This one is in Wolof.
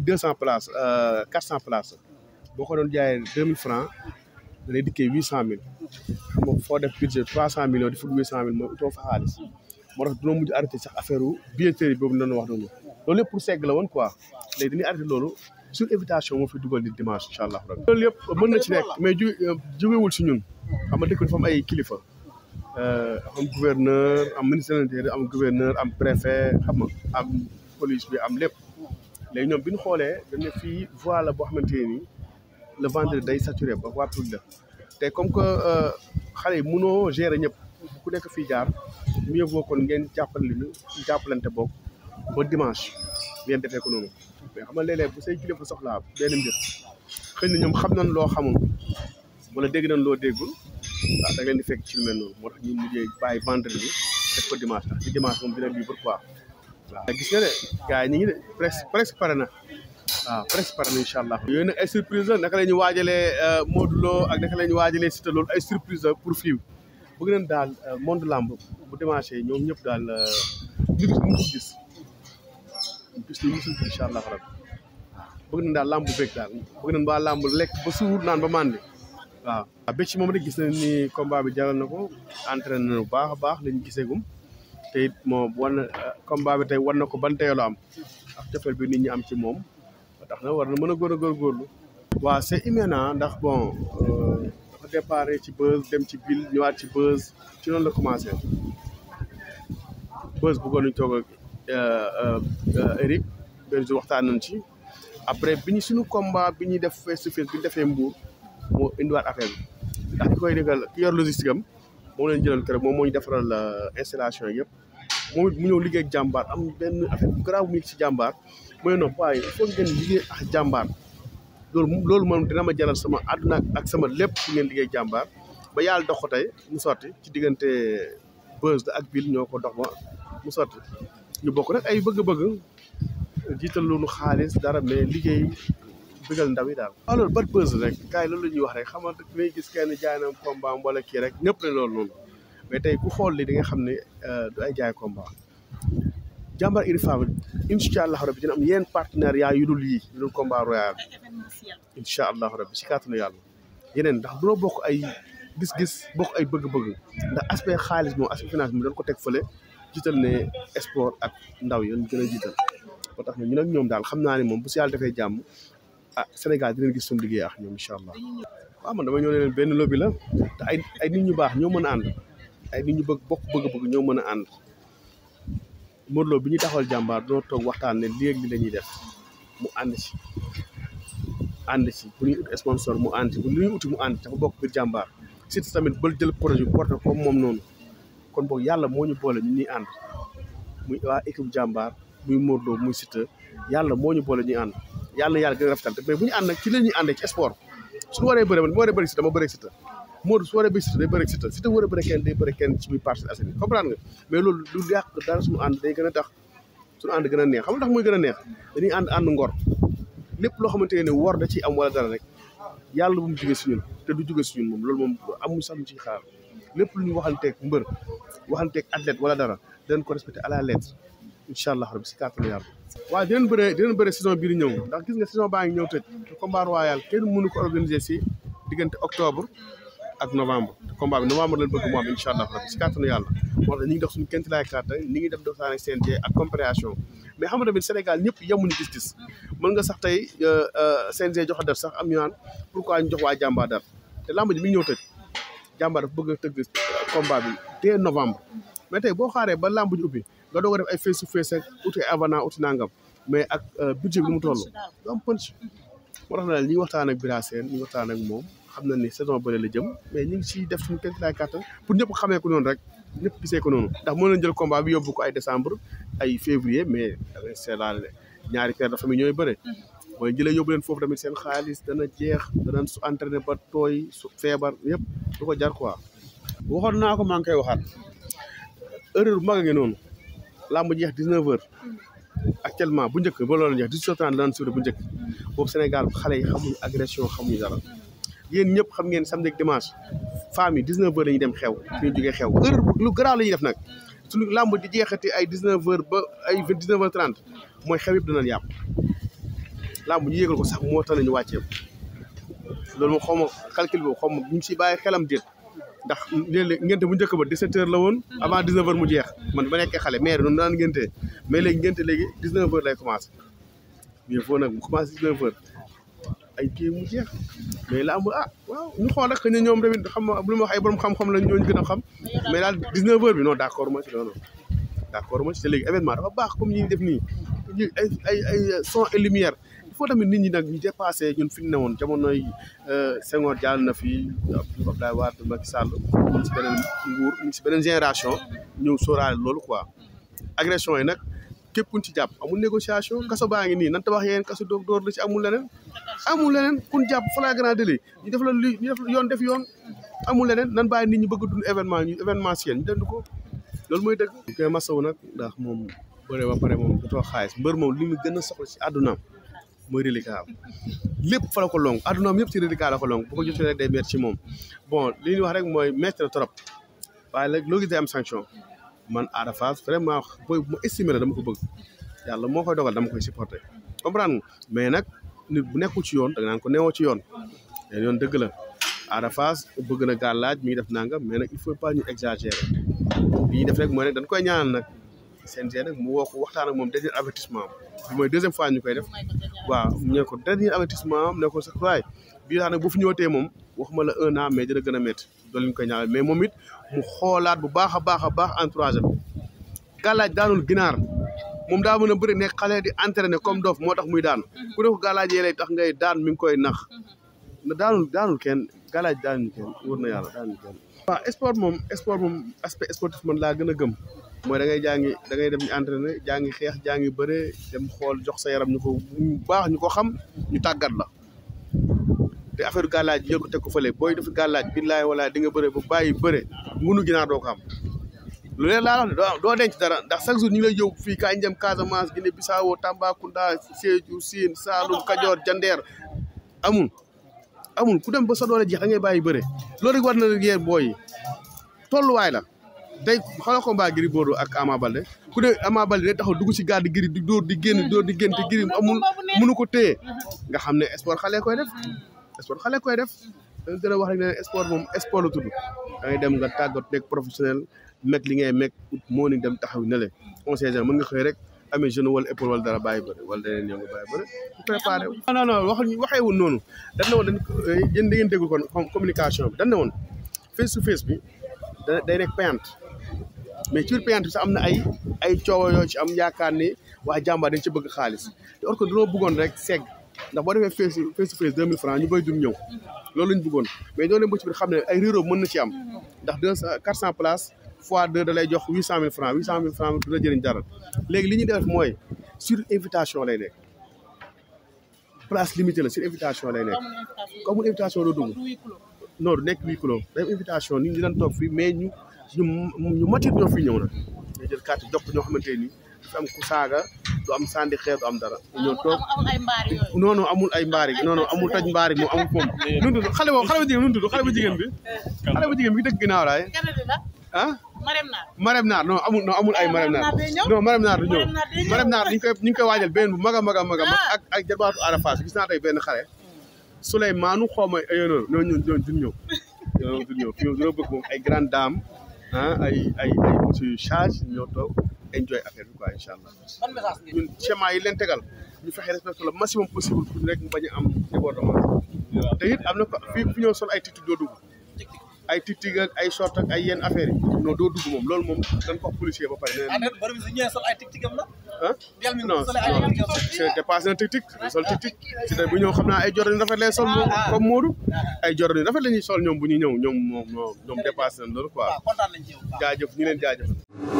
bii deux cent places euh, quatre cent places boo ko doon jaayee deux mille francs da lay dikkee huit cent mille xam nga foo def budget trois cent millions di fut huit cent mille mooy utoo fa xaalis moo tax dunoo mujj arrêté sax affaire u billetterie boobu noonu wax noonu loolu yëpp pour segg la woon quoi léegi dañuy arrêté loolu sur invitation moo fi dugal di dimanche incha allah rabbi loolu yëpp mën na ci nekk mais ju euh, jógewul si ñun xam a dëkk dafa am ay kilifa euh, am gouverneur am ministre de l'intérieur am gouverneur am préfet xam bi am lépp léegi ñoom bi ñu xoolee dañ ne fii voie la boo xamante ne nii le vendredi day saturé ba waatul la te comme que euh, xale yi mënoo gérer ñëpp ku nekk fii jaar mieux vaut kon ngeen jàppale li ñu jàppalante boog ba dimanche ngeen defee ko noonu mais xam nga léeg bu say kilifa soxlaa benn mbir xëy ñoom xam nañ loo xamul wala dégg nañ loo déggul waaw da ngeen di fekk ci lu mel noonu moo tax ñu mujjee bàyyi vendredi def ko dimanche ndax ci dimanche moom dina libre quoi. waaw gis nga de ñu ngi de presque presque pare na waaw presque pare na incha allah. yooyu nag ay surprise naka la ñu waajalee euh, Modou ak naka la ñu waajalee Siteu loolu ay surprise la pour fii bëgg nañ daal euh, monde lamb bu démarché ñoom ñëpp daal nit ñi musul gis gis nañ musul allah waaw bëgg nañ daal lamb bu bëgg daal bëgg nañ waa lamb lekk ba suur naan ba màndi waaw. waaw bëcc moom rek gis nañ ni combat bi jaral na ko entraîné na bu baax a baax lañ gisee gum te it moom war na bi tey war na ko ban teyoo am ak cofeel bi nit ñi am ci moom ba tax na war na mën a góor a góorgóorlu. waaw c'est imminent ah, ndax bon euh, dafa départ ci buzz dem ci bill ñëwaat ci buzz ci noonu la commencé buzz bëggoon nañu toog ak euh, euh, Eric benn waxtaan nañ ci après bi ñu suñu combat bi ñuy def face to face bi defee mbuur moo indiwaat affaire bi ndax ki koy dëggal ki yor logistique moom leen jëlal kër moom mooy ñu defaral euh, installation yëpp moom it mu ñëw liggéey jàmbaar am benn affaire bu garaaw mu ngi si jàmbaar mooy non waaye il faut ngeen liggéey ak jàmbaar loolu loolu moom dina ma jaral sama àdduna ak sama lépp bu ngeen liggéey jàmbaar ba yàlla dox ko tey mu sotti ci diggante Beuz la ak Bill ñoo ko dox ba mu sotti ñu bokk nag ay bëgg-bëgg jiital loolu xaalis dara mais liggéey bëggal ndaw yi daal alors ah, bat buzz rek gars loolu la ñuy wax rek xamante ngay gis kenn jaay na combat wala kii rek ñëpp ne mais tey ku xool li nga xam ne euh, ay jaay combat jàmbar irifam incha allahu rabi dina am yenn partenariat yu dul yii yu dul combat royal incha allahu rabi si kàttanu yàlla yeneen ndax bokk ay gis-gis bokk ay bëgg xaalis moom aspect finance ko teg fële jiital ne sport ak ndaw yi gën a jiital ñu nag ñoom daal naa ne moom bu si yàlla defee jàmm ah Sénégal dinañ gis suñu liggéey ak ñoom incha allah. waaw man dama ñëw ne benn lobby la te ay ay nit ñu baax ñoo mën a ànd ay nit ñu bëgg bokk bëgg-bëgg ñoo mën a ànd Modou Lo bi ñu jàmbaar doo toog waxtaan ne léeg li lañuy def mu ànd ci ànd ci bu ñuy ut mu ànd ci bu ñuy uti mu ànd dafa bokk jàmbaar surtout tamit ba jël projet bi porté moom noonu kon boog yàlla moo ñu boole ñu ñuy ànd muy waa équipe jàmbaar muy Modou Lo muy Siteu yàlla moo ñu boole ñuy ànd. yàlla na yàlla gën a rafetal mais bu ñu ànd nag ci la ñuy àndee ci sport su waree bëre man bu waree bëre si dama bëre si su waree bëre si ta day bëre si a kenn day bëre kenn mais loolu du yàq dara suñu ànd day gën a tax suñu ànd gën a neex xam nga tax muy gën a neex dañuy ànd ànd ngor lépp loo xamante ne wor da ci am wala dara rek yàlla bu mu jóge si ñun te du jóge si ñun moom loolu moom amul sax mu ciy xaar lépp lu ñu waxanteeg mbër waxanteeg athlète wala dara dañ ko respecté à la lettre incha allah rabbi si kàttanu yàlla waaw bii di ñëw ndax gis nga saison baa ngi ñëw tëj te combat royal kenn octobre ak novembre te combat bi novembre lañ yàlla moo tax ñu ngi dox suñu kent laay kàtta ñi ngi def doxtaan ak CNG ak compréhension mais ñëpp yemuñu gis-gis nga sax tey euh, euh, CNG joxe def sax am ñu naan jox waa jàmbaar dal te làmb ji mi ngi ñëw tëj jàmbaar dafa bëgg a tëgg combat bi dès novembre mais tey boo xaaree ba làmb ji ubbi nga doog a def ay face to face uti ay uti nangam mais ak euh, budget bi mu toll du am punch moo tax na li waxtaan ak Bira seen ñu waxtaan ak moom xam na ni saison bële la jëm mais ñu ngi ciy def suñu kéem tolluwaay kàttan pour ñëpp xamee ko noonu rek ñëpp gisee ko noonu ndax mën nañ jël ko ay décembre ay février mais dafay seelaal ñaari père de famille ñooy bëre mm-hmm. mooy jëlee yóbbu leen foofu tamit seen xaalis dana jeex danañ su entraîné ba tooy su feebar yëpp du ko jar quoi waxoon naa ko maa ngi koy waxaat erreur bu ngi noonu làmb jeex 19h actuellement bu njëkk ba loolu jeex 18h30 la bu njëkk boobu Sénégal xale yi xamuñu agression xamuñu dara yéen ñëpp xam ngeen samedi ak dimanche femmes yi 19h la ñuy dem xew fi ñu jógee xew heure lu garaaw la def nag suñu làmb di jeexati ay 19h ba ay 19h30 mooy xew yëpp danañ yàpp làmb ñu yégal ko sax moo tax nañu wàccee loolu moom xaw ma calcul boobu xaw ma si bàyyi xelam déet ndax léeg-léeg ngénte bu njëkk ba 17 la woon mm. avant 19 heures mu jeex man ba nekkee xale maire noonu daan ngénte mais léegi ngénte léegi 19 heures lay commencé mais foo nag mu commencé 19 ay kii mu jeex mais la am ah waaw ñu xool rek ne ñoom tamit xam lu ma wax ay borom xam-xam la ñooñu gën a xam mm. mais daal 19 heures bi non d' accord ma ci loolu d' accord ma ci te léegi événement dafa baax comme ñi def nii ay ay ay son et lumière faut tamit nit ñi nag ñu dépassé ñun fi ñu ne woon jamonoy euh, Senghor jàll na fi Abdoulaye Wade Macky Sall ñu si beneen nguur ñu si beneen génération ñëw sóoraale loolu quoi agression yi nag képp kuñ ci jàpp amul négociation kaso baa ngi nii nan tabax yeen kaso doog door la ci amul leneen amul leneen kun jàpp flagrant délit ñu def la li ñu def yoon def yoon amul leneen nan baa nit ñi bëgg événement ñu événementiel ñu dend ko loolu mooy dëgg. ñu koy masawu nag ndax moom bëre ba pare moom bu too xaalis mbër moom li mu gën a soxla ci mooy reliquat am lépp fa la ko lonk adduna am yëpp ci reliquat la ko lonk bu ko jotee rek day métti ci moom bon li ñuy wax rek mooy métti na trop waaye nag loo gis day sanction man Ada Fass vraiment booy bu dama ko bëgg yàlla moo koy dogal dama koy supporter comprendre nga mais nag nit bu nekku ci yoon da nga ko newoo ci yoon leen yoon dëgg la Ada Fass bëgg na gàllaaj mi ngi def nangam mais nag il faut pas ñu exagérer li ñuy def rek mooy nag dañ koy ñaanal nag CNG nag mu woo ko waxtaan moom dernier avertissement bi mooy deuxième fois ñu koy def waaw ñu ko dernier avertissement am ne ko sax waay bii tax fi ñëwatee moom waxuma la un an mais dina gën a métti loolu ñu koy ñaanal mais moom it mu xoolaat bu baax a baax a baax entourage am gàllaaj daanul ginaar moom daa mën a bëri nekk xale di ne comme dof moo tax muy daan mhm. ku def gàllaaj yee lay tax daan mi ngi koy nax mhm. daanul daanul kenn gàllaaj daanul kenn wër na yàlla daanul kenn. waaw sport moom sport moom aspect sportif man laa gën a gëm. mooy da ngay jàngi da dem ñu entraîné jàngi xeex jàngi bëre dem xool jox sa yaram ñu ko baax ñu ko xam ñu tàggat la te affaire gàllaaj jël ko teg ko fële booy def gàllaaj billaay walaay di nga bëre bu bàyyi bëre munu ginnaaw doo ko am lu leen laa wax ne doo denc dara ndax chaque jour ñu lay lay yóbbu fii kañ jam Casamance Guinée Bissau Tambacounda Sédhiou Sine Saloum Kajoor Jandeer amul amul ku dem ba sa doole jeex da ngay bàyyi bëre loolu rek war na leen yéen booy yi tolluwaay la. day xoolal combat Gris Bordeaux ak Ama Baldé ku ne Ama Baldé day taxaw dugg ci gaal di di dóor di génn dóor di génn te Gris amul mënu ko téye mm-hmm. nga xam ne sport xale koy def mm-hmm. sport xale koy def danga gën wax rek ne sport moom sport la tudd da ngay dem nga tàggat nekk professionnel mekk li ngay mekk moo ni dem taxaw ne le on sait jamais mën nga xëy rek amee jeune wala épaule wala dara bàyyi bëri wala leneen yow nga bàyyi bëri préparé non non wax waxee woon noonu dañ ne woon dañ yéen da ngeen déglu kon communication bi dañ ne woon face to face bi day nekk payante mais ci biir payante bi sax am na ay ay coow yoo ci am yaakaar ni waa jàmbaar dañ ci bëgg xaalis te or que dañoo bëggoon rek segg ndax boo dee face face to face deux mille francs ñu bëri duñ ñëw loolu lañ bëggoon mais ñoo dem ba ci biir xam ne ay réeróo mën na ci am ndax deux cent quatre cent places fois deux da lay jox huit cent mille francs huit cent mille francs du la jëriñ dara léegi li ñuy def mooy sur invitation lay nekk place limitée la sur invitation lay nekk comme invitation doo dugg non du nekk huis clos day invitation ñu ñu matir ñoo fi ñëw nag ñoo xamante ni dafa ku saaga du am sandi xeer du am dara. ñoo amul ay mbaari non amul taj mbaari moom amul moom. nu mu tudd xale boobu xale bu jigéen nu mu tudd xale bu bi. xale bu jigéen bi dëgg ginnaaw laay. Ah? amul non amul ay eh, marem naar non marem naar du ñëw marem naar ñu koy ñu ngi koy waajal benn bu mag a mag a mag ah. ak ak jarbaatu Arafas gis naa tey benn xale Souleymane xaw ma ayoon na ñooñu ñooñu duñ ñëw fi ñëw dina bëgg moom ay grande dame ah ay ay ay moto yu charge ñoo toog enjoy affaire bi quoi incha allah. ban message ñun schéma yi leen tegal ñu fexe respecté le maximum possible rek mu bañ am débordement te it na ko fii fi ñoo sol ay tiitu doo ay titig ak ay short ay yenn affaire yi doo dugg moom loolu moom dañ ko wax policier ba pare. ah déet bari si ñëwee ay tig-tigam la. tig-tig sol tig-tig bu ñëw xam naa ay jordan yu rafet lay sol moom ah, ah. comme Modou. Ah, ay jordan yu rafet la ñuy sol ñoom bu ñuy ñëw ñoom moom ñoom dépassé nañ loolu quoi. waaw kontaan nañ ci yow. ñu leen jaajëf.